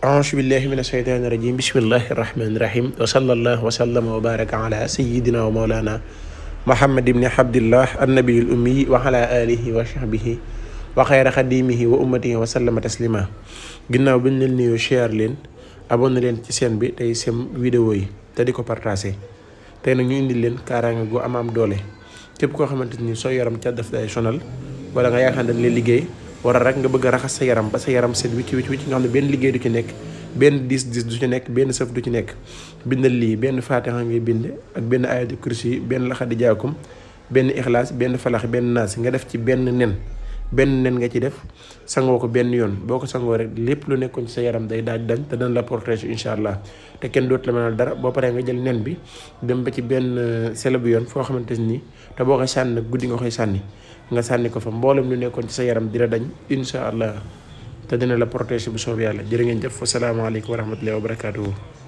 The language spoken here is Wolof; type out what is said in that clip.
أعوذ بالله من الشيطان الرجيم بسم الله الرحمن الرحيم وصلى الله وسلم وبارك على سيدنا ومولانا محمد بن عبد الله النبي الأمي وعلى آله وصحبه وخير خديمه وأمته وسلم تسليما جناو بن نيو شير لين أبون لين تسين بي تاي سيم فيديو تدي كو بارتاسي تاي نيو اندي لين كارانغ غو امام دولي كيب كو خامتني سو يارم تيا داف داي شونال ولا غا يا خاندي لي ليغي wala rek nga bëgg a raxas sa yaram ba sa yaram seen wicc wicc wicc nga xam ne benn liggéey du ci nekk benn diis diis du ci nekk benn sëf du ci nekk bindal lii benn faatixa ngay bind ak benn ayatul kursi benn laxadi jaakum benn ixlaas benn falax benn naas nga def ci benn nen benn nen nga ci def sangoo ko benn yoon boo ko sangoo rek lépp lu nekkoon ci sa yaram day daaj dañ te dana la protéger incha allah te kenn dootu mënal dara boo paree nga jël nen bi dem ba ci benn euh, sele bu yoon foo xamante ni te boo ko sànni guddi nga koy sànni nga sànni ko fa mboolem lu nekkoon ci sa yaram dina dañ incha allah te dina la protéger bu soob yàlla jërë ngeen jëf wasalaamaaleykum wa rahmatullahi wa barakaatuhu